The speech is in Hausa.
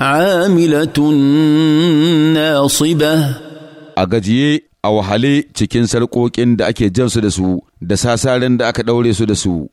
عاملة ناصبة أجي a wahale cikin sarƙoƙin da ake jansu da su da sasaren da aka ɗaure su da su.